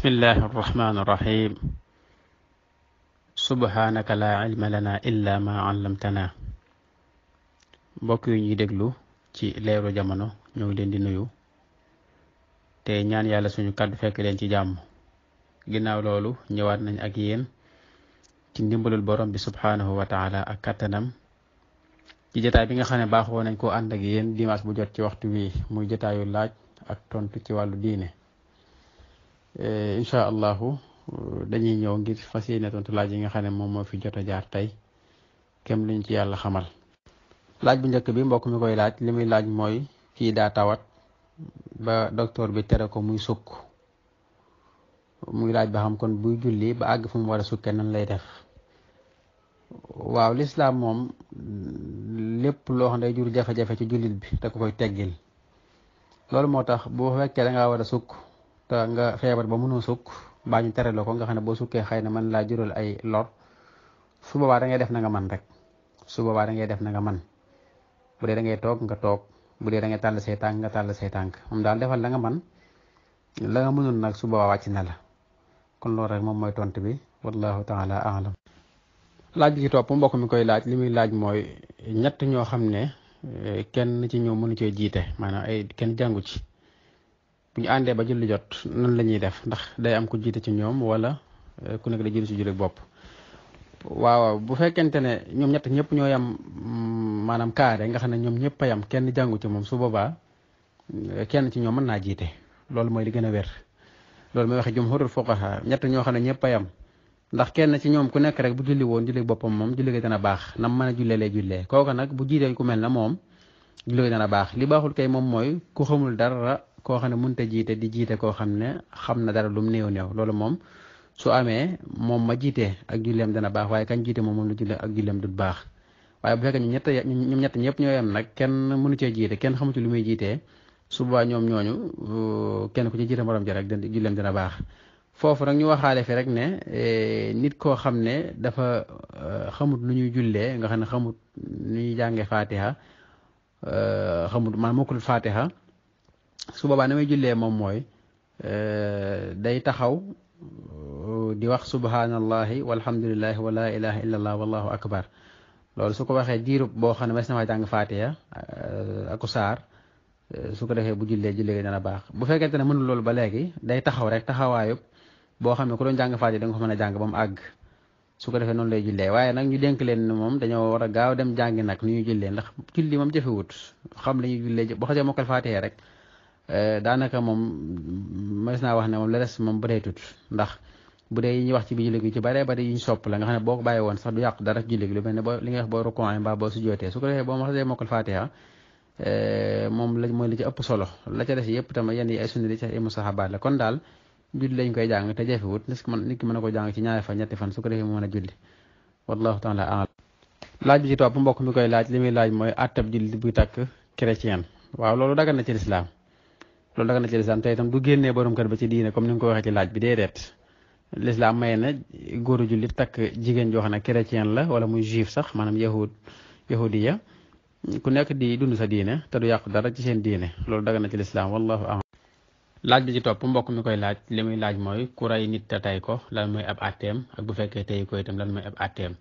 bismillahi arrahmani irrahim subhaanaka la ilma lana illa ma allamtana mbokk yu ñuy déglu ci leeru jamono ñoo leen di nuyu te ñaan yàlla suñu kàddu fekk leen ci jàmm ginnaaw loolu ñëwaat nañ ak yéen ci ndimbalul borom bi subhaanahu wa ak kattanam ci jataay bi nga xam ne baaxoo nañ koo ànd ak yéen dimanche bu jot ci waxtu wi muy jataayu laaj ak tontu ci wàllu diine Eh, incha allahu dañuy ñëw ngir fas yéene tontu laaj yi nga xam ne moom moo fi jot a jaar tey kem liñ ci yàlla xamal. laaj bu njëkk bi mbokk mi koy laaj li muy laaj mooy kii daa tawat ba docteur bi tere ko muy sukk muy laaj ba xam kon buy julli ba àgg fu mu war a sukkee nan lay def. waaw lislaam moom lépp loo xam ne jur jafe-jafe ci jullit bi te ko koy teggil loolu moo tax bu fekkee da war a sukk. te nga feebar ba mënoo sukk baa ñu tere ko nga xam ne boo sukkee xëy na man laa jural ay lor su boobaa da def na nga man rek su boobaa da ngay def na nga man bu dee da ngay toog nga toog bu dee da ngay tàll say tànk nga tàll say tànk moom daal defal la nga man la nga nag su boobaa ci na la kon lool rek moom mooy tontu bi wallahu taala alam laaj bi ci topp mbokk mi koy laaj li muy laaj mooy ñett ñoo xam ne eh, kenn ci ñoom mënu cee jiite maanaam ay eh, kenn jàngu ci bu ñu àndee ba julli jot nan la ñuy def ndax day am ku jiite ci ñoom wala eh, ku nekk da jiite ci julli bopp waaw bu fekkente ne ñoom ñett ñëpp ñoo yam mm, maanaam kaare nga xam ne ñoom ñëpp a yam kenn jàngu ci moom su boobaa eh, kenn ci ñoom mën naa jiite loolu mooy li gën a wér loolu mooy waxe jumhurul fuqaha ñett ñoo xam ne ñëpp a ndax kenn ci ñoom ku nekk rek bu julli woon julli boppam moom julli gi dana baax nam mën a jullee lay jullee nag bu jiitee ku mel na moom baax li baaxul moom mooy ku xamul dara koo xam ne mënut a jiite di jiite koo xam ne xam na dara lu mu néew néew loolu moom su amee moom ma jiite ak julleem dana baax waaye kañ jiite moom moom la julle ak julleem du baax waaye bu ñett ñett ñëpp ñoo yem nag kenn mënu cee jiite kenn xamu ci lu muy jiitee su ñoom ñooñu uh, kenn ku ci jiite moroom ja rek julleem dana baax foofu nag ñu waxaale fi rek ne e, nit koo xam ne dafa uh, xamut lu ñuy julee nga xam ne xamut nu ñuy jànge fatiha uh, xamut man mokkul fatiha su boobaa na muy jullee moom mooy euh, day taxaw euh, di wax subhanallahi walhamdulilahi wa la ilaha illa allah wallahu akbar loolu su ko waxee diirub boo xam ne mas na faa jàng faatiya euh, aku saar su ko defee bu jullee jullee gi dana baax bu fekkente ne mënul loolu ba léegi day taxaw rek taxawaayub boo xam ne ku doon jàng faatiya da nga ko mën a jàng ba mu àgg su defee noonu lay jullee waaye nag ñu denk leen moom dañoo war gaaw dem jàngi nag ni ñuy jullee ndax julli moom jëfewut xam la ñuy jullee boo xasee mokkal faatiya rek Eh, daanaka moom mas naa wax ne moom la des moom bëreetut ndax bu dee yi ñuy wax ci bi julli gi bare bare yi sopp la nga xam ne boo ko bàyyi woon sax du yàq dara julli gi lu mel boo li nga mbaa boo sujjootee su ko defee boo ma xasee mokkal faatiha eh, moom la ci ëpp solo la ca des yëpp tam yenn yi ay sunna li ci ay mustahabaat la kon daal julli lañ koy jàng te jafewut nit ki mën nit ki mën a ko jàng ci ñaari fan ñetti fan su ko defee mu mën a julli wallahu taala a'lam laaj mbokk mi koy laaj li laaj mooy àttab julli buy takk chrétien waaw loolu dagan loolu daga na ci lislaam te itam du génnee borom kër ba ci diine comme ni nga ko waxee ci laaj bi déedéet lislaam may na góoru jullit takk jigéen joo xam ne chrétien la wala muy juif sax maanaam yahud yahudiya ku nekk di dund sa diine te du yàqu dara ci seen diine loolu daga na ci lislaam wallahu a'lam laaj bi ci topp mbokk mi koy laaj li muy laaj mooy ku rey nit te tey ko lan mooy ab atem ak bu fekkee tey ko tam lan mooy ab atteem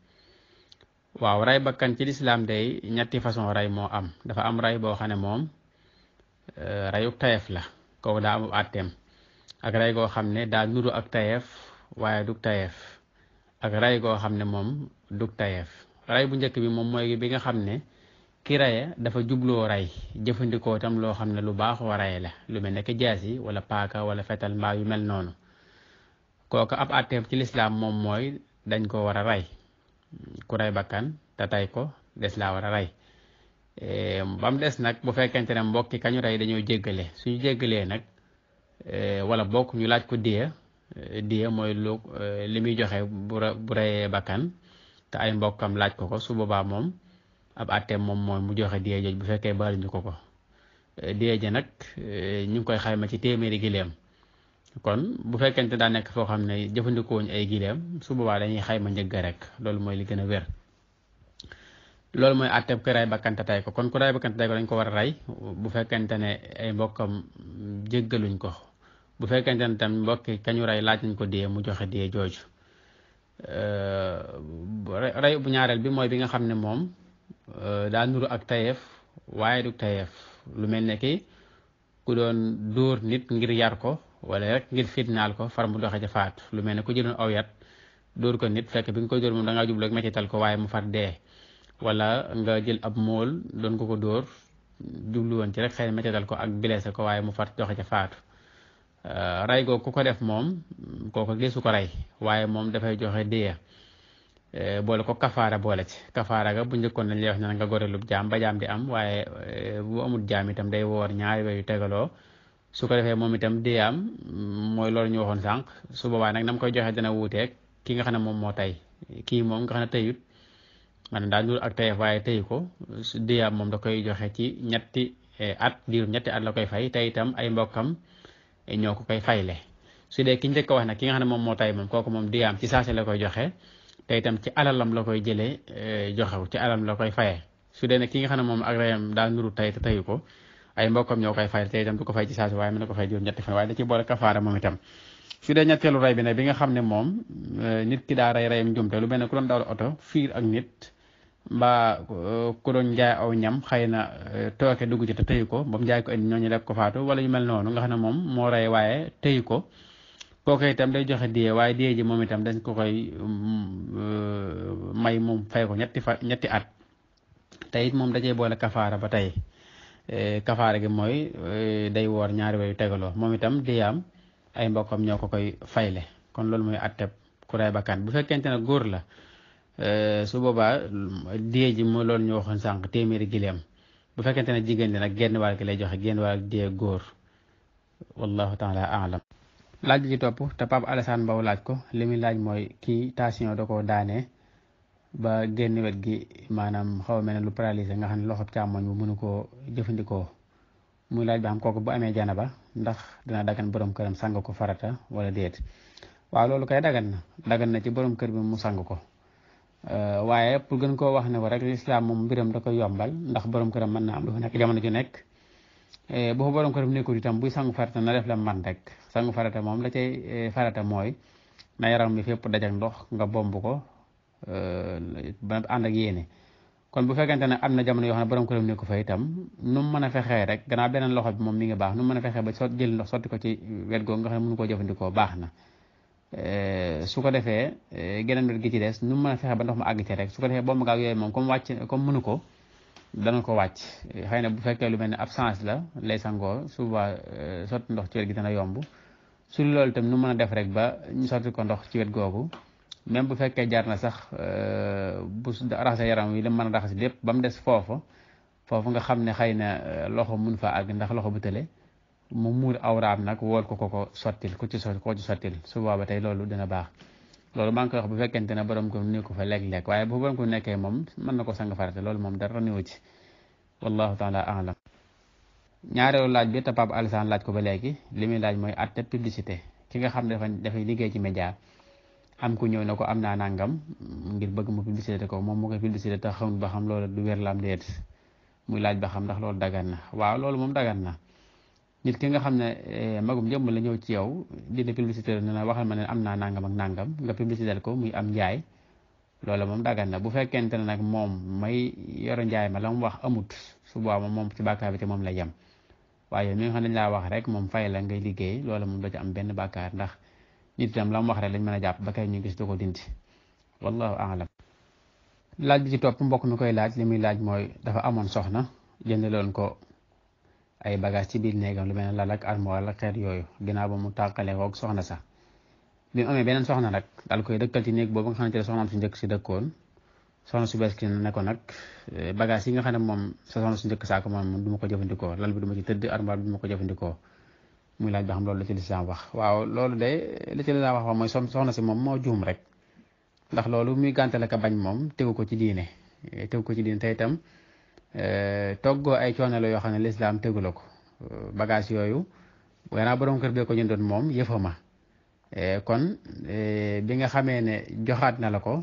waaw rey bakkan ci lislaam da ñetti façon rey moo am dafa am rey boo xam ne moom Euh, rayuk tayef la kooku daa amub àtteem ak ray goo xam ne daa nuru ak tayef waaye dug tayef ak ray goo xam ne moom dug tayef ray bu njëkk bi moom mooy bi nga xam ne ki raye dafa jubloo ray jëfandikoo tam loo xam ne lu baaxoo raye la lu mel ne ki jaas yi wala paaka wala fetal mbaa yu mel noonu kooku ab àtteem ci lislaam moom mooy dañ koo war a ray ku ray bakkan te tay ko des laa war a ray ba mu des nag bu fekkente ne mbokk yi kañu rey dañoo jéggale suñu jéggalee nag eh, wala bokk ñu laaj ko diya eh, diya mooy lu eh, li muy joxe bu bu reyee bakkan te ay mbokkam laaj ko ko su boobaa moom ab àttee moom mooy mu joxe diya jooj bu fekkee baal ñu ko ko diya ja nag ñu ngi koy xayma ci téeméeri gileem kon bu fekkente daa nekk foo xam ne jëfandikoo wuñ ay gileem su boobaa dañuy xayma njëgg rek loolu mooy li gën a wér. loolu mooy àtteeb ku ray bakkan te tay ko kon ku ray bakkan te ko dañ ko war a rey bu fekkente ne ay mbokkam jéggaluñ ko bu fekkente ne tam mbokki kañu rey laaj nañ ko dee mu joxe dee jooju rey bu ñaareel bi mooy bi nga xam ne moom daa nuru ak tayeef waaye du tayeef lu mel ne ki ku doon dóor nit ngir yar ko wala rek ngir fitnaal ko far mu doxe ja faat lu mel ne ku jëloon aw yat dóor ko nit fekk bi nga koy dóor moom da ngaa jublu mettital ko waaye mu far dee wala nga jël ab mool doon ko ko dóor jubluwoon ci rek xëy na métti dal ko ak blessé ko waaye mu far joxe ca faatu euh, ray googu ku ko def moom kooku deesu ko rey waaye moom dafay joxe déya euh, boole ko kafaara boole ci kafaara ga bu njëkkoon nañ lay wax ne nga gorelub jaam ba jaam di am waaye euh, bu amul jaam itam day woor ñaari weer yu tegaloo su ko defee moom itam déyaam mooy loolu ñu waxoon sànq su boobaa nag nam koy joxe dana wuuteeg ki nga xam ne moom moo tey kii moom nga xam ne teyut maanaam daa nuru ak tayef waaye tey ko diyaam moom da koy joxe ci ñetti eh, at diiru ñetti at la koy fay tey itam ay mbokkam eh, ñoo ko koy fayle su dee ki ñu njëkk a ki nga xam ne moom moo tay moom kooku moom diyaam ci saase la koy joxe te itam ci alalam la koy jëlee eh, joxew ci alalam la koy fayee su dee nag ki nga xam ne moom ak rayam daa nuru tay te teyu ko ay mbokkam ñoo ko fay ci saasi waaye mën na ko waaye da ci boole kafaara moom itam su dee ñetteelu ray bi nag bi nga xam ne moom nit ki daa ray rayam njumte lu mel ne ku doon dawal oto fiir ak nit mbaa ku doon jaay aw ñam xëy na eh, tooke dugg ci te tëyu ko ba mu jaay ko indi ñooñu def ko faatu wala ñu mel noonu nga xam ne moom moo rey waaye tëyu ko kooku itam day joxe diye waaye diye ji moom itam dañ ko koy mm, eh, may moom fay ko ñetti fa ñetti at te it moom dajee boole kafaara ba tey eh, kafaara gi mooy day woor ñaari weer yu tegaloo moom itam diyaam ay mbokkam ñoo ko koy fayle kon loolu mooy atteb ku rey bakkan bu fekkente ne góor la Euh, su boobaa dee ji moo loolu ñu waxoon sànq téeméeri gileem bu fekkente ne jigéen li nag genn waa ki lay joxe genn wàll dee góor wallahu taala alam laaj bi ci topp te Pape Alassane Mbow laaj ko li muy laaj mooy kii tension da koo daanee ba génn wet gi maanaam xaw mel ne lu paralysé nga xam ne loxob càmmoñ bu mënu koo jëfandikoo muy laaj ba xam kooku bu amee jana ba ndax dina dagan borom këram sang ko farata wala déet waaw loolu kay dagan na dagan na ci borom kër bi mu sang ko Euh, waaye pour gën koo wax ne ko rek lislaam moom mbiram da koy yombal ndax borom këram mën naa am fa nekk jamono ju nekk euh, bu fa borom këram itam buy sangu farata na def man rek sangu farata moom la cay euh, farata mooy na yaram bi fépp dajak ndox nga bomb ko ba ànd ak yéene kon bu fekkente ne am na jamono yoo xam ne borom këram nekku fa itam nu mu mën a fexee rek gannaaw beneen loxo bi moom mi ngi baax nu mën a fexee ba sot jël ndox sotti ko ci wet googu nga xam ne mënu koo jëfandikoo baax na Euh, su ko defee euh, geneen wet gi ci des nu mu mën a fexe ba ndox mu àgg ci rek su ko defee bomb gaag yooyu moom comme wàcc comme mënu ko dana ko wàcc euh, xëy na bu fekkee lu mel ne absence la lay sangoo souvent sotti ndox ci gi dana yomb su loolu itam nu mën def rek ba ñu sotti ko ndox ci wet googu même bu fekkee jaar na sax bu raxas yaram wi li mën a raxas lépp ba mu des foofa foofu nga xam ne xëy na loxo mun fa àgg ndax loxo bu tële mu muur awraam nag wool ko ko ko sottil ku ci so ko ci sottil su booba tey loolu dina baax loolu maa ngi koy wax bu fekkente ne borom ko nekku fa léeg-léeg waaye bu borom ko moom mën na ko sang farate loolu moom dara néew ci wallahu taala alam ñaareelu laaj bi te Pape Alassane ko ba léegi li muy laaj mooy at tet publicité ki nga xam ne dafa dafay liggéey ci média am ku ñëw ne ko am naa nangam ngir bëgg mu publicité ko moom mu koy publicité te xamul ba xam loolu du wér la am muy laaj ba xam ndax loolu dagan na waaw loolu moom dagan na nit ki nga xam ne eh, magum jëmm la ñëw ci yow di la publicité ne la waxal ma ne am naa nangam ak nangam nga publicité ko muy am njaay loolu moom daggan na bu fekkente ne nag moom may yoro njaay ma la mu wax amut su boobaa moom ci bàkkaar bi te moom la yem waaye mi nga xam ne wax rek moom fay la ngay liggéey loolu moom doo ci am benn bàkkaar ndax nit itam la mu wax rek lañ mën a jàpp ba kay ñu gis du ko dindi wallahu aalam laaj bi ci topp mbokk mi koy laaj li muy laaj mooy dafa amoon soxna jëndaloon ko ay bagage ci biir néegam lu mel ne lal ak armoire la xeet yooyu ginnaaw ba mu tàqale koog soxna sax bi mu amee beneen soxna nag daal koy dëkkal ci néeg boobu nga xamante ne soxnaam su njëkk si dëkkoon soxna su bees ki ne ko nag eh, bagage yi nga xam ne moom sa njëkk saako moom du ma ko jëfandikoo lal bi ci tëdd armoire bi ma ko jëfandikoo muy laaj ba loolu la ci lislaam wax waaw loolu de li ci lislaam wax wax mooy soxna si moom moo juum rek ndax loolu muy gànte la ka bañ moom tegu ko ci diine eh, tegu ko ci diine te itam Eh, toggoo ay coono la yoo xam ne lislaam tegu la ko eh, bagage yooyu wanaa borom kër bee ko jëndoon moom yëfama eh, kon bi nga xamee ne joxaat na la ko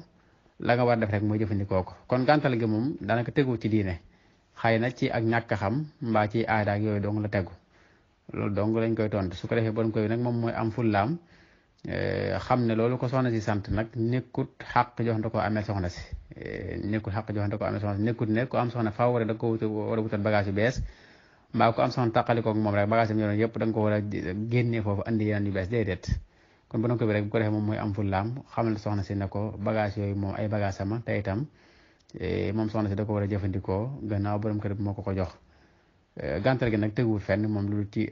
la nga war def rek mooy jëfandikoo ko kon gàntal gi moom daanaka tegu ci diine xëy na ci ak ñàkk xam mbaa ci aada ak yooyu dong la tegu loolu dong lañ koy toon su ko defee borom kër bi nag moom mooy am fullaam Eh, xam ne loolu ko soxna si sant nag nekkut xaq jox na ko amee soxna si eh, nekkut xàq jox na ko amee soxna si nekkut ne ku am soxna faaw war da ko wut war a wutal bagage yu bees mbaa ku am soxna taqalikoo ak moom rek bagage yëpp da nga ko war a génnee foofu andi yeneen yu ko bi rek bu ko defee moom mooy am fullaam xam ne soxna si ne ko bagage yooyu moom ay bagage sama te itam eh, moom soxna si da ko war a jëfandikoo gannaaw borom ko bi moo ko ko jox gàntal gi nag teguwul fenn moom lu ci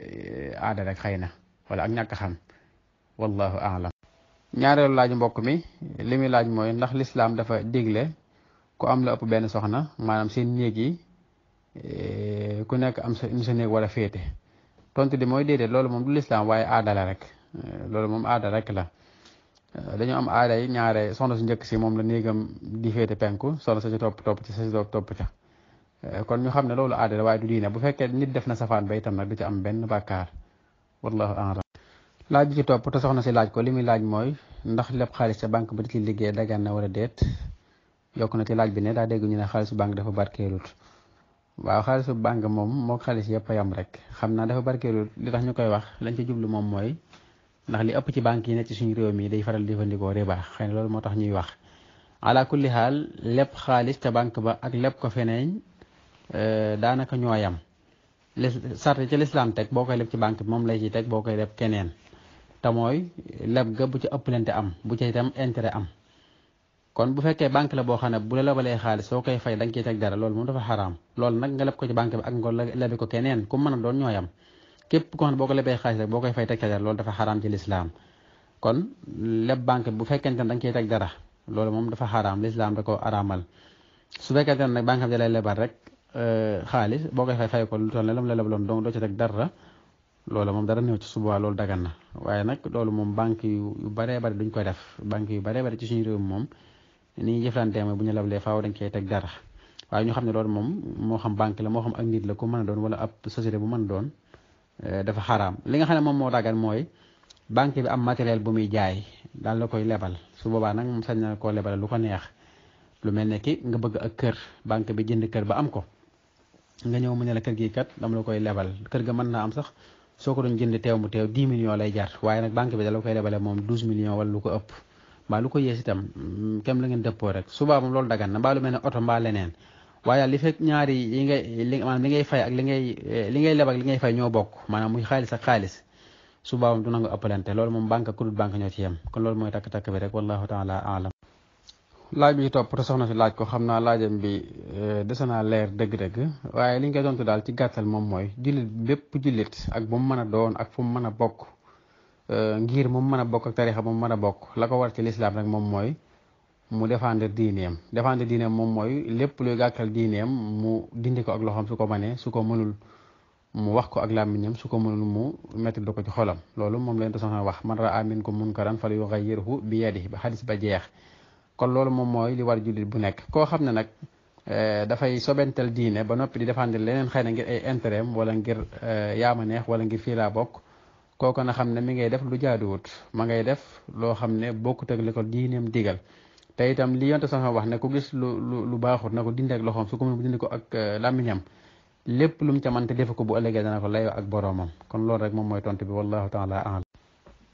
aada rek xëy na wala ak ñàkk xam wallahu aalam ñaareelu laaj mbokk mi li muy laaj mooy ndax lislaam dafa digle ku am la ëpp benn soxna maanaam seen néeg yi eh, ku nekk am sa sa néeg war féete tontu li mooy déedéet loolu moom du lislaam waaye aada rek eh, loolu moom aada rek la eh, dañoo am aada ñaaree ñaare su njëkk si moom la néegam di féete penku soxna sa ci topp topp ci sa ci topp topp ca kon ñu xam ne loolu aada la waaye du diine bu fekkee nit def na safaan ba tam nag du ci am benn bàkkaar wallahu a'lam laaj bi ci topp te soxna si laaj ko li muy laaj mooy ndax lépp xaalis ca banque ba di ci liggéey dagan na wala déet yokk na ci laaj bi ne daa dégg ñu ne xaalisu banque dafa barkeelut waaw xaalisu banque moom moo xaalis yëpp a yam rek xam naa dafa barkeelut li tax ñu koy wax lañ ci jublu moom mooy ndax li ëpp ci banque yi ne ci suñu réew mi day faral di jëfandikoo riba xëy na loolu moo tax ñuy wax ala kulli xaal lépp xaalis ca banque ba ak lépp ko feneen euh, daanaka ñoo yam sart ca lislaam teg boo koy leb ci banque bi moom lay ci teg boo koy leb keneen te mooy leb ga bu ci ëppalante am bu ci itam intérêt am kon bu fekkee banque la boo xam ne bu la lebalee xaalis soo koy fay da nga teg dara loolu moom dafa xaraam ko ci banque bi ak nga lebi ko keneen ku mën a doon ñooyam képp koo xam ne boo ko lebee xaalis rek boo koy fay teg ca dara loolu dafa lislaam kon leb bu fekkente ne da nga ciy teg loolu moom dafa xaraam lislaam da ko araamal su fekkente ne nag banque bi da lay lebal rek euh, xaalis boo koy fay fay ko lu toll ne la mu la lebaloon donc doo ci teg dara loola moom dara néew ci suba loolu dagan na waaye nag loolu moom banque yu baree bari duñ koy def banque yu baree bari ci suñu réew mi moom ni ñuy jëflantee mooy bu ñu lablee faaw dañ koy teg dara waaye ñu xam ne loolu moom moo xam banque la moo xam ak nit la ko mën a doon wala ab société bu mën a doon eh, dafa xaraam li nga xam ne moom moo dagan mooy banque bi am matériel bu muy jaay daal la koy lebal su boobaa nag sañ na koo lebal lu ko neex lu mel ne ki nga bëgg ak kër banque bi jënd kër ba am ko nga ñëw mu ne la kër gi kat dam la koy lebal kër ga mën naa am sax soo ko doon jënd teew mu teew 10 millions lay jar waaye nag banque bi dala koy lebale moom 12 millions wala lu ko ëpp mbaa lu ko yées itam mm, kem la ngeen dëppoo rek subaa moom lool dagan na mbaa lu mel ne oto mbaa leneen waaye li fekk ñaari yi ngay li maanaam ngay fay ak li ngay eh, li ngay leb ak li ngay maanaam muy xaalis ak xaalis subaa moom du nangu ëppalante lool moom banque ku dul banque ñoo ci kon loolu mooy takk-takk bi rek wallahu taala alam laaj bi ci topp te si laaj ko xam naa laajam bi euh, dese naa leer dëgg-dëgg waaye liñ koy tontu daal ci gàttal moom mooy jullit bépp jullit ak bu mu mën a doon ak fu mu mën a bokk euh, ngir mu mën a bokk ak tarixa mu mën a bokk la ko war ci lislaam rek moom mooy mu défendre diineem défendre diineem moom mooy lépp luy gàkkal diineem mu dindi ko ak loxoom su ko mënee su ko mënul mu wax ko ak làmmiñam su ko mënul mu metti du ko ci xolam loolu moom leen te soxna wax man ko mun raa minkum munkaran falyughayyirhu bi yadihi ba xadis ba jeex kon loolu moom mooy li war jullit bu nekk koo xam ne nag dafay sobental diine ba noppi di défendre leneen xëy na ngir ay intérêt wala ngir yaama neex wala ngir fii laa bokk kooku na xam ne mi ngay def lu jaaduwut ma ngay def loo xam ne bokkut ak li ko diineem digal te itam li yonte sama wax ne ku gis lu lu lu baaxut na ko dindi ak loxoom su ko mu dindi ko ak làmmiñam lépp lu mu ca mën defe ko bu ëllëgee dana ko layoo ak boroomam kon loolu rek moom mooy tontu bi wallahu taala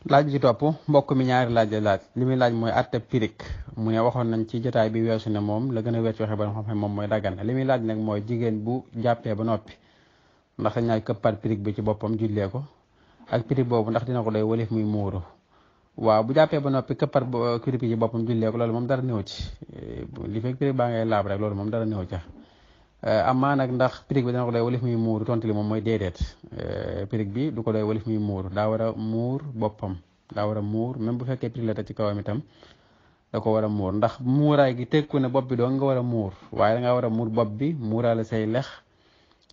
laaj bi ci topp mbokk mi ñaari laaj la laaj li muy laaj mooy atte pirik mu ne waxoon nañ ci jotaay bi weesu ne moom la gën a wér ci waxe ba xam-xam moom mooy daggan li muy laaj nag mooy jigéen bu jàppee ba noppi ndax ñaay këppaat pirik bi ci boppam jullee ko ak pirik boobu ndax dina ko doy walif muy muuru waaw bu jàppee ba noppi këppaat pirik bi ci boppam jullee ko loolu moom dara néew ci li fekk pirik baa ngay laab rek loolu moom dara néew ca Euh, amaa nag ndax pirig bi dana ko doy walif muy muur tontu li moom mooy déedéet euh, pirig bi du ko doy walif muy muur daa war a muur boppam daa war a muur même bu fekkee pirig la te ci kawam itam da ko wara a ndax muuraay gi tekku ne bopp bi dong nga war a muur waaye da ngaa war a muur bopp bi muuraale say lex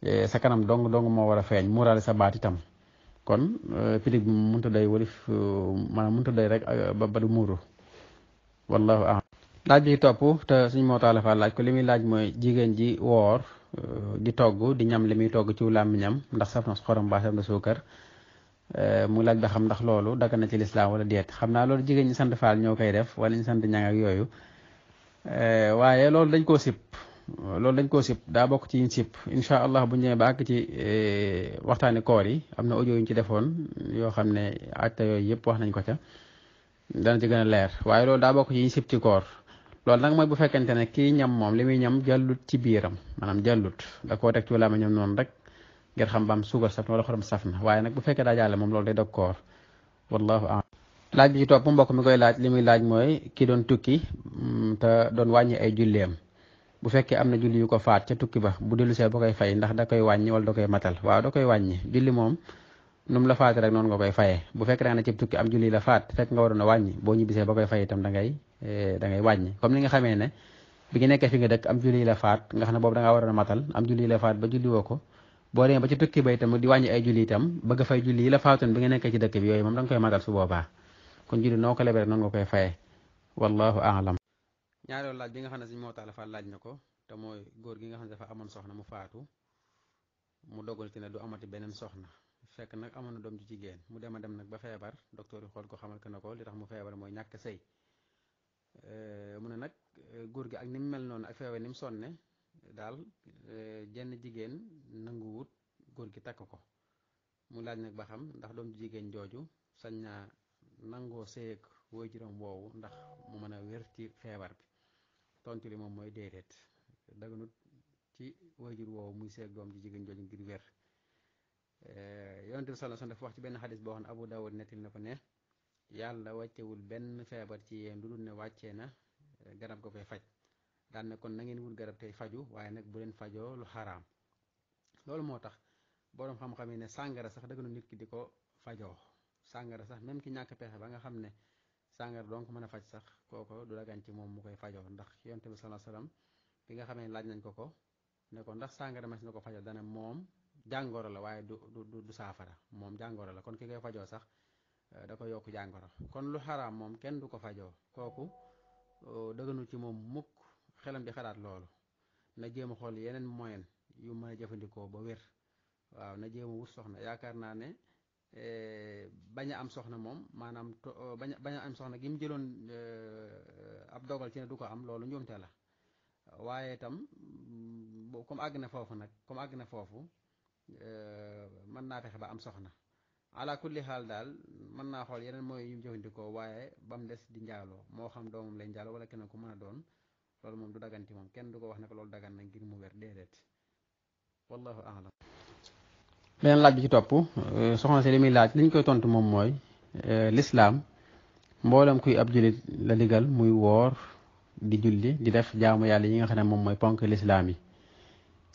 eh, sa kanam dong dong moo war a feeñ muuraale sa baat itam kon euh, pirig bi mënut a doy walif maanaam mënut a doy rek ba du muuru wallaahu a'lam laaj bi topp te suñ moo taala fa laaj ko li muy laaj mooy jigéen ji woor euh, di togg di ñam li muy togg ci làmmiñam ndax saf na xorom baa saf na suukar euh, mu laaj ba xam ndax loolu dagg na ci lislaam wala déet xam naa loolu jigéen ñi sant faal ñoo koy def wala ñu sant ñang ak yooyu euh, waaye loolu dañ ko sip loolu dañ koo sip daa bokk ci yiñ sip incha allah bu ñëwee ba àgg ci waxtaani koor yi am na audio yuñ ci defoon yoo xam ne acte yooyu yëpp wax nañ ko ca dana ci gën a leer waaye loolu daa bokk ci yiñ sip ci koor loolu nag mooy bu fekkente ne kii ñam moom li muy ñam jàllut ci biiram maanaam jàllut da koo teg ci wala ma ñam noonu rek ngir xam ba am suukar saf na wala xorom saf na waaye nag bu fekkee daa jàlle moom loolu day dog koor wallahu a'lam laaj bi ci topp mbokk mi koy laaj li muy laaj mooy doon tukki mm, doon wàññi ay julleem bu fekkee am na julli yu ko faat ca tukki ba bu dellusee ba koy fay ndax da koy wàññi wala da koy matal waaw da koy wàññi julli moom nu mu la faate rek noonu nga koy fayee bu fekk da nga ne cib tukki am julli la a wàññi boo ñibbisee ba koy fay itam da ngay eh, da ngay ni nga xamee ne bi nga nekkee fi nga dëkk am julli la faat nga xam ne boob da ngaa waroon a matal am julli la faat ba julli woo ko boo demee ba ci tukki ba itam di wàññi ay julli itam bëgg fay julli koy matal su boobaa kon ko lebee rek noonu nga koy fayee laaj bi nga xam ne suñ moo taala fa laaj na ko te mooy góor gi nga xam ne dafa amoon soxna mu faatu mu dogal ci ne du amati beneen soxna fekk nag amoon na doom ji jigéen mu dem a dem nag ba feebar docteur yi xool ko xamal ko ne ko li tax mu feebar mooy ñàkk sëy eh, mu ne nag eh, góor gi ak ni mu mel noonu ak feebar ni mu sonne daal eh, jenn jigéen nanguwut góor gi takk ko mu laaj nag ba xam ndax doom ji jigéen jooju sañ naa nangoo sëyeeg woy juróom woowu ndax mu mën a wér ci feebar bi tontu li moom mooy déedéet daganut ci woy jur woowu muy sëyeeg doom ji jigéen jooju ngir wér Eh, yonent bi sallallahu alayhi wasallam dafa benn xadis boo xam ne Abu Dawud na ko ne yàlla wàccewul benn feebar ci yéen ne wàccee na eh, garab ko koy faj daan kon na ngeen wut garab tey faju waaye nag bu leen fajoo lu xaraam loolu moo tax boroom xam-xam ne sàngara sax dëgg na nit ki di ko fajoo sàngara sax même ki ñàkk pexe ba nga xam ne sàngara donc mën a faj sax kooko du dagan ci moom mu koy fajoo ndax yonent bi sallallahu bi nga xamee laaj nañ ko ko ne ko ndax sàngara mas na ko fajoo dana moom jàngoro la waaye du du saafara moom jàngoro la kon ki koy fajoo sax euh, da ko yokk jàngoro kon lu xaraam moom kenn du ko fajoo kooku euh, dëgënu ci moom mukk xelam di xalaat loolu na jéem a xool yeneen moyen yu mën jëfandikoo ba wér waaw wut soxna yaakaar naa ne euh, bañ am soxna moom maanaam bañ bañ a am soxna gi jëloon ab dogal ci ne du ko am loolu njuumte la waaye itam kom mm, àgg na foofu nag kom àgg na foofu Euh, mën naa fexe ba am soxna ala kulli xaal daal mën naa xool yeneen mooy yu mu jëfandikoo waaye ba mu des di njaaloo moo xam doomam lay njaaloo wala keneen ku mën a doon lool moom du daganti moom kenn du ko wax ne ko loolu dagan na ngir mu wér déedéet wallahu aalam beneen laaj bi ci topp euh, soxna si laaj li koy tontu moom mooy euh, lislaam mboolem kuy ab jullit la digal muy woor di julli di def jaamu yàlla yi nga xam ne moom mooy ponk lislaam yi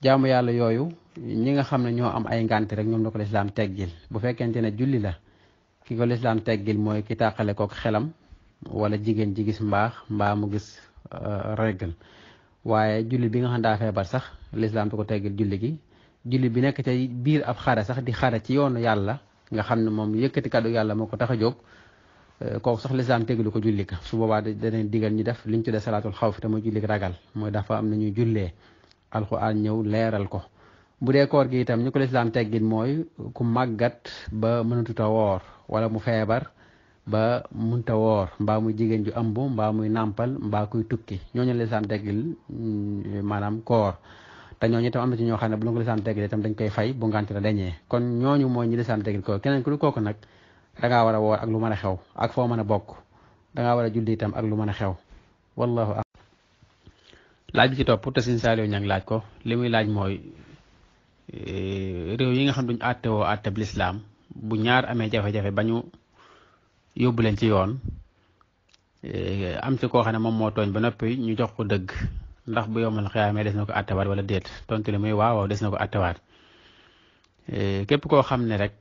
jaamu yàlla yooyu ñi nga xam ne ñoo am ay ngànt rek ñoom la ko lislaam teggil bu fekkente ne julli la ki ko lislaam teggil mooy ki tàqale ko xelam wala jigéen ji gis mbaax mbaa mu gis regal waaye julli bi nga xam daa feebar sax lislaam du ko teggil julli gi julli bi nekk ca biir ab xare sax di xare ci yoonu yàlla nga xam ne moom yëkkati kàddu yàlla moo ko tax a jóg kooku sax lislaam teggilu ko julli ka su boobaa danañ digal ñu def liñ tuddee salatul xawf te muy julli ragal mooy dafa am na ñu jullee alquran ñëw leeral ko bu dee koor gi itam ñu ko lislaam teggin mooy ku màggat ba mënatuta woor wala mu feebar ba munta woor mbaa muy jigéen ju ëmb mbaa muy nàmpal mbaa kuy tukki ñooñu lislaam teggil mm, maanaam koor te ñooñu itam am na ci ñoo xam ne bu ñu ko lislaam teggil itam dañ koy fay bu ngànt la dañee kon ñooñu mooy ñi lislaam teggil koor keneen ku du kooku nag dangaa war a woor ak lu mën a xew ak foo mën a bokk dangaa war a julli itam ak lu mën a xew wallahu laaj bi ci topp te Sëriñ Saliou laaj ko li muy laaj mooy Eh, réew yi nga xam duñ àtte woo àtteb lislaam bu ñaar amee jafe-jafe ba ñu yóbbu leen ci yoon eh, am ci koo xam ne moom moo tooñ ba noppi ñu jox ko dëgg ndax bu yomal xiyaamee des na ko àttewaat wala déet tontu li waaw des na ko àttewaat eh, képp koo xam ne rek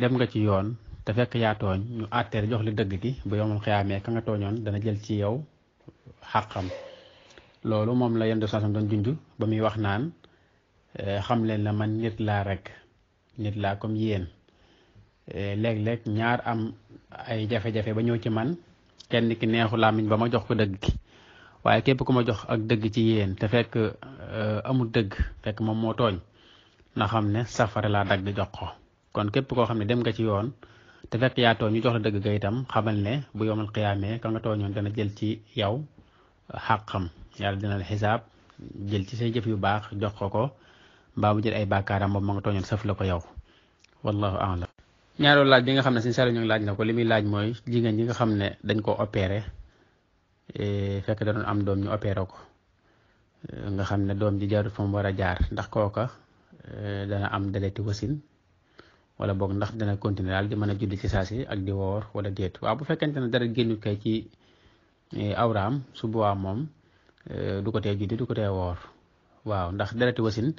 dem nga ci yoon te fekk yaa tooñ ñu àtteer jox li dëgg gi bu yomal xiyaamee ka nga tooñoon dana jël ci yow xàqam loolu moom la yenn doon junj ba muy wax naan. Eh, xam leen na man nit laa rek nit laa comme yéen eh, léeg-léeg ñaar am ay jafe-jafe ba ñëw ci man kenn ki neexu làmmiñ ba ma jox ko dëgg gi waaye képp ku ma jox ak dëgg ci yéen te fekk eh, amul dëgg fekk moom moo tooñ na xam ne safara laa dagg jox ko kon képp koo xam ne dem nga ci yoon te fekk yaa ñu jox la dëgg ga itam xamal ne bu yomal xiyaamee ka nga tooñoon dana jël ci yow xàqam yàlla dina la xisaab jël ci say jëf yu baax jox ko ko mbaa mu jël ay bàkkaaram moom ma nga tooñoon sëf la ko yow wallahu a'lam ñaareelu laaj bi nga xam ne suñu sari laaj na ko li muy laaj mooy jigéen ñi nga xam ne dañ ko opéré eh, fekk da doon am doom ñu opéré ko eh, nga xam ne doom ji jaarut fa war a jaar ndax kooka eh, dana am daleti wasin wala boog ndax dana continuer daal di mën a julli ci saasi ak di woor wala déet waaw bu fekkente ne dara génnut kay ci awram su moom du ko tee julli du ko tee woor waaw ndax daleti wasin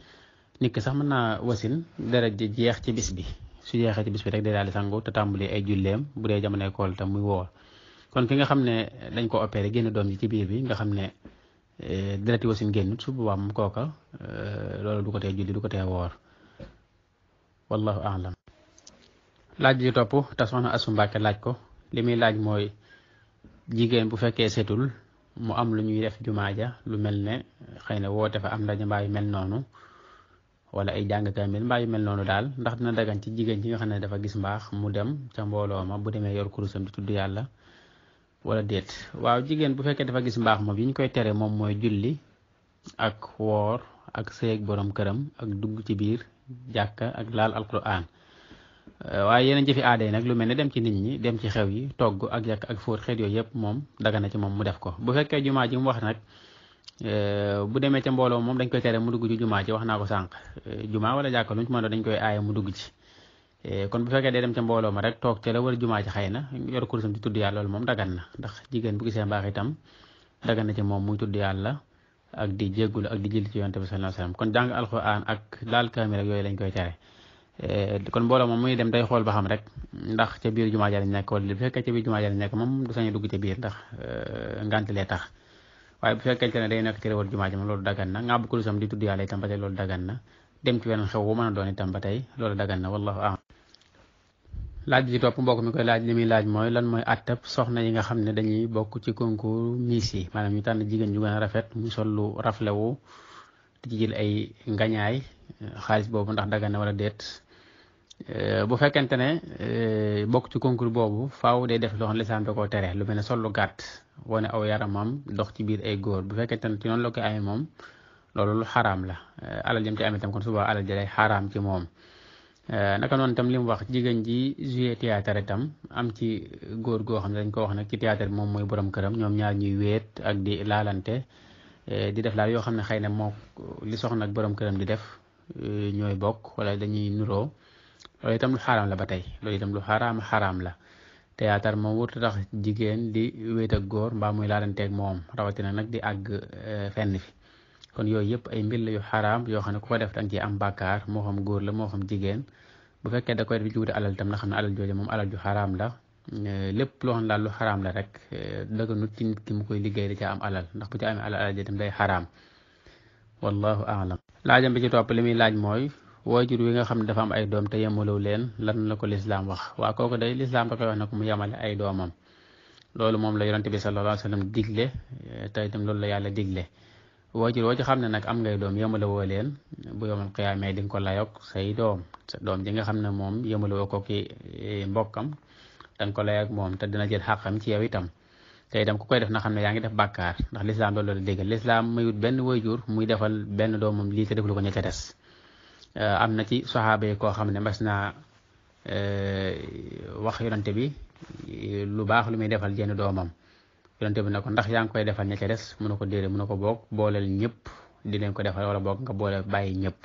nit sax mën naa wasin deret ji jeex ci bis bi su jeexee ci bis rek day daal di sangu te tàmbali ay julleem bu dee jamonoy kool tam muy woor kon ki nga xam ne dañ ko opéré génn doom ji ci biir bi nga xam ne eh, dereti wasin génnut su boobaa moom kooka eh, loolu du ko julli du ko tee woor wallahu aalam laaj ji topp te soxna Asu Mbàkke laaj ko li muy laaj mooy jigéen bu fekkee setul mu am lu ñuy def jumaa ja lu mel ne xëy na woote fa am ndaje mbaa yu mel noonu wala ay jàng kaamil mbaa yu mel noonu daal ndax dina dagan ci jigéen ci nga xam ne dafa gis mbaax mu dem ca mbooloo ma bu demee yor kurusam di tudd yàlla wala déet waaw jigéen bu fekkee dafa gis mbaax moom yi ñu koy tere moom mooy julli ak woor ak sëy boroom këram ak dugg ci biir jàkka ak laal alquran euh, waaye yeneen jëfi aada yi nag lu mel ne dem ci nit ñi dem ci xew yi togg ak yàkk ak fóot xeet yooyu yëpp moom dagan na ci moom mu def ko bu fekkee jumaa Euh, bu demee ca mbooloo moom dañ koy tere mu dugg ci jumaa ci wax naa ko sànq euh, jumaa wala jàkka lu ñu ci mën doon koy aaye mu dugg ci euh, kon bu fekkee day dem ca mbooloo ma rek toog ca la wala jumaa ci xëy na yor kursam ci tudd yàlla loolu moom dagan na ndax jigéen bu gisee mbaax itam dagan na ci moom muy tudd yàlla ak di jéggul ak di jël ci yonte bi sallallahu alayhi wasallam kon jàng alxuraan ak laal kaamil yooyu lañ koy tere kon mbooloo muy dem day xool ba xam rek ndax ca biir jumaa ja lañ nekk wala bu nekk moom du sañ dugg ca biir ndax ngànt lee tax waaye bu fekkente ne day nekk ci réewal jumaa ji moom loolu dagan na ngàbb kulusam di tudd yàlla itam ba tey loolu dagan na dem ci weneen xew wu mën a doon itam ba tey loolu dagan na wallahu a'lam laaj bi ci topp mbokk mi koy laaj li muy laaj mooy lan mooy àttab soxna yi nga xam ne dañuy bokk ci concours miss yi maanaam mi tànn jigéen ñu gën a rafet mu sol lu raflewu di ci jël ay ngañaay xaalis boobu ndax dagana wala deet Eh, bu fekkente ne eh, bokk ci concours boobu faaw day def loo xam lisaan da koo tere lu mel ne sollu gàtt wane aw yaramam dox ci biir ay góor bu fekkente ne ti noonu la amee moom loolu lu xaraam la eh, alal jëm ci amee tam kon suba alal ji day ci moom naka noonu tam li mu wax jigéen ji joué théâtre itam am ci góor goo xam ne dañ ko wax nag ci théâtre moom mooy borom këram ñoom ñaar ñuy wéet ak di laalante di def laal yoo xam ne xëy na moo li soxna ak këram di def ñooy bokk wala dañuy nuroo loolu itam lu xaraam la ba tey loolu itam lu xaraam xaraam la théâtre moom wurtu tax jigéen di wéet ak góor mbaa muy laalanteeg moom rawatina nag di àgg eh, fenn fi kon yooyu yëpp ay mbir la yu xaraam yoo xam ne ku def danga ciy am bàkkaar moo xam góor la moo xam jigéen bu fekkee da koy def ci wuti alal itam na xam na alal jooju moom alal ju xaraam la eh, lépp loo xam ne lu xaraam la rek eh, daganut ci nit ki mu koy liggéey da ca am alal ndax bu ci amee alal alal ji itam day xaraam wallahu aalam laajam bi ci topp laaj mooy waajur wi nga xam ne dafa am ay doom te yemalewu leen lan la ko lislaam wax waa kooku day lislaam da koy wax ne ko mu yemale ay doomam loolu moom lay yonante bi sallallahu alayhi wa sallam digle eh, te itam loolu la yàlla digle waajur woo ci xam ne nag am ngay doom yemale woo leen bu yomal xiyaamee di nga ko layoog say doom sa doom ji nga xam ne moom yemale woo ko ki eh, mbokkam dan ko ko layoog moom te dina jël xam ci yow itam te itam ku koy def na xam ne yaa ngi def bàkkaar ndax lislaam loolu la digal lislaam mayut benn waajur muy defal benn doomam lii te deflu ko ña ca des Euh, am na ci saxaaba yi koo xam ne mas naa euh, wax yonante bi lu baax lu muy defal jenn doomam yonante bi ne ko ndax yaa ngi koy defal ña ca des mu ne ko déedéet mu ne ko boog booleel ñëpp di leen ko defal wala boog nga boole bàyyi ñëpp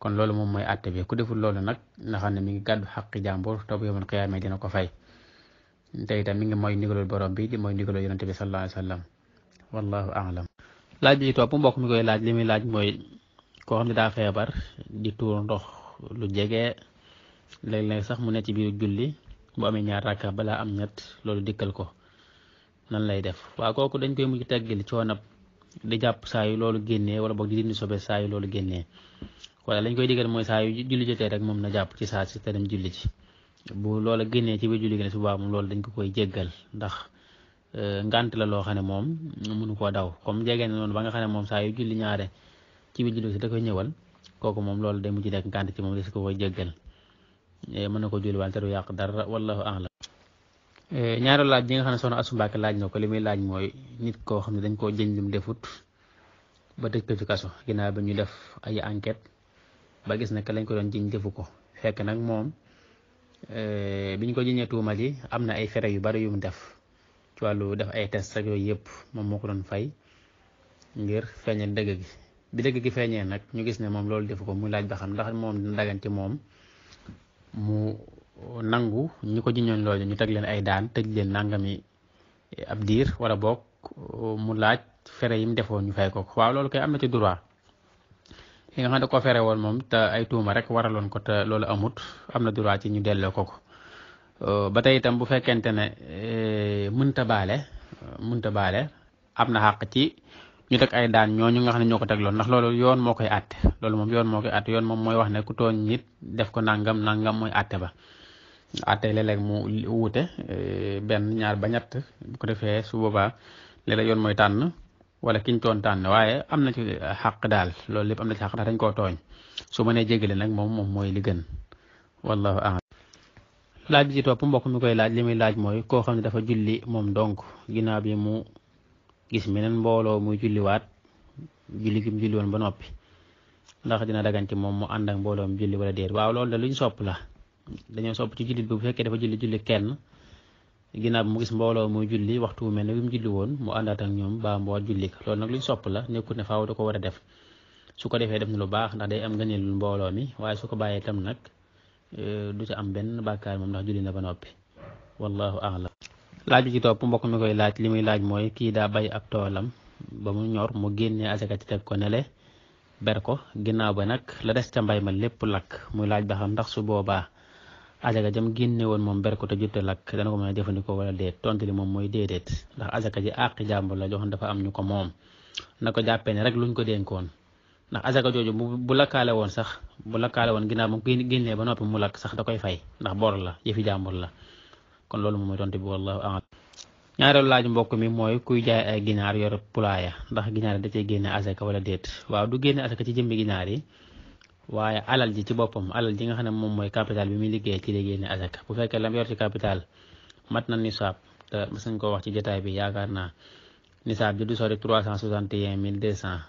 kon loolu moom mooy àtte bi ku deful loolu nag nga xam ne mi ngi gàddu xaqi jàmbur topp yawmal qiyaama dina ko fay te itam mi ngi mooy ndigalul borom bi di mooy ndigalul yonante bi sallallahu laaj bi topp mbokk mi koy laaj li laaj mooy koo xam ne daa feebar di tuur ndox lu jege léeg-léeg sax mu ne ci biir julli bu amee ñaar rakka balaa am ñett loolu dikkal ko nan lay def waa kooku dañ koy mujj teggil coonab di jàpp saa yu loolu génnee wala boog di dindi sobe saa yu loolu génnee wala lañ koy digal mooy saa yu julli rek moom na jàpp ci saa si te dem julli ci bu loola génnee ci biir julli gi ne moom loolu dañ ko koy jéggal ndax euh, ngànt la loo xam ne moom munu koo daw comme jege na noonu ba nga xam ne moom saa yu julli ñaare ci biir julli si da koy ñëwal kooku moom loolu day mujj nekk ngànt ci moom des ko koy jéggal eh, mën na ko julliwaal te du yàq dara wallahu a'lam eh, ñaareelu laaj bi nga xam ne soxna Asu Mbàkke laaj na ko li muy laaj mooy nit koo xam ne dañ koo jëñ lum defut ba tëj ko ci kaso ginnaaw ba ñu def ay enquête ba gis nag lañ ko doon jiñ defu ko fekk nag moom eh, biñ ko jiñee tuumal yi am na ay fere yu bari yu mu def ci wàllu def ay test rek yooyu yëpp moom moo ko doon fay ngir feeñal dëgg gi bi dëgg gi feeñee nag ñu gis ne moom loolu defu ko muy laaj ba xam ndax moom dina dagan ci moom mu nangu ñu ko jiñoon lool ñu teg leen ay daan tëj leen nangami eh, ab diir wala boog eh, mu laaj fere yi mu defoon ñu fay ko waaw loolu koy am na ci droit yi nga xam ne da ko fere woon moom te ay tuuma rek waraloon ko te loolu amut am na droit ci ñu delloo ko ko eh, ba te itam bu fekkente ne mënta baale mënta baale am na xàq ci. ñu teg ay daan ñooñu nga xam ne ñoo ko teg loolu ndax loolu yoon moo koy àtte loolu moom yoon moo koy àtte yoon moom mooy wax ne ku tooñ nit def ko nangam nangam mooy te ba àtte te léeg mu wute eh, benn ñaar ba ñett bu ko defee su boobaa léeg yoon mooy tànn wala kiñ toon tànn waaye am na ci eh, xàq daal loolu lépp na dañ koo tooñ su mënee jégale nag moom moom mooy li gën wallahu a'lam laaj bi ci topp mbokk mi koy laaj li muy laaj mooy koo xam ne dafa julli moom donc ginnaaw bi mu gis meneen mbooloo muy wat julli gi mu julli won ba nopi ndax dina dagan ci mom mu and ak mbolo mu julli wala deer waaw lol da luñ sopp la dañu sopp ci jullit bu fekke dafa julli julli kenn gina mu gis mbolo muy julli waxtu mel ni mu julli won mu andat ak ñom ba mbo julli ka loolu nak luñ sopp la nekkul ne faaw da ko wara def su ko defee def na lu baax ndax day am ngëneel mbolo mi waaye su ko bàyyee tam nag eh, du ci am benn bàkkaar moom ndax julli na ba noppi wallahu a'lam laaj bi ci topp mbokk mi koy laaj li muy laaj mooy kii bay ab toolam ba mu ñor mu génnee asaka ci teg ko nele ber ko ginnaaw ba nag la des ca mbay ma lépp lakk muy laaj ba xam ndax su boobaa asaka jam génne woon moom ber ko te lakk dana ko jëfandikoo wala déet tontu li moom mooy ndax asaka ji àqi jàmbur la joxoon dafa am ñu ko moom na ko jàppee ne rek luñ ko dénkoon ndax asaka jooju bu bu lakkaale woon sax bu lakkaale woon ginnaaw ba génnee ba noppi mu lakk sax da koy fay ndax bor la yëfi jàmbur la kon loolu moom mooy tontu bi wallahu a'lam ñaareelu laaj mbokk mi mooy kuy jaay ay ginaar yor pulaaya ndax ginaar yi da cee génne asaka wala deet waaw du génne asaka ci jëmbi ginaar yi waaye alal ji ci boppam alal ji nga xam ne moom mooy capital bi muy liggéey ci lay génne asaka bu fekkee lam yor ci capital mat na nisaab te suñ ko wax ci jotaay bi yaakaar naa nisaab ji du sori trois cent soixante et un mille deux cent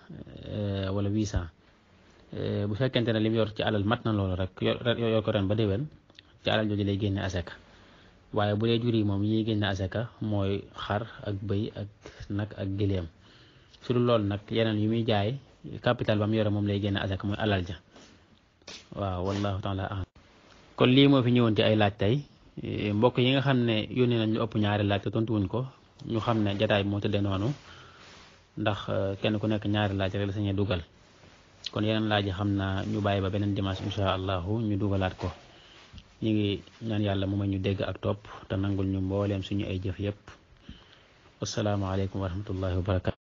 euh, wala huit cent euh, bu fekkente ne lim yor ci alal mat na loolu rek yor yor ko ren ba déwén ci alal jooju lay génne asaka waaye bu dee jur yi moom yi génn asaka mooy xar ak bëy ak nag ak gileem su dul loolu nag yeneen yi muy jaay capital ba mu yore moom lay génn asaka mooy alal ja waaw wallahu taala aham kon lii moo fi ñëwoon ci ay laaj tey eh, mbokk yi nga xam ne yónnee nañ ëpp ñaari laaj te tontuwuñ ko ñu xam ne jataay moo tëddee noonu ndax eh, kenn ku nekk ñaari laaj rek la sañee dugal kon yeneen laaj yi xam naa ñu bàyyi ba beneen dimanche insha allahu ñu dugalaat ko ñu ngi ñaan yàlla mu ma ñu dégg ak topp te nangul ñu mbooleem suñu ay jëf yépp wassalaamu aleykum wa rahmatullahi wa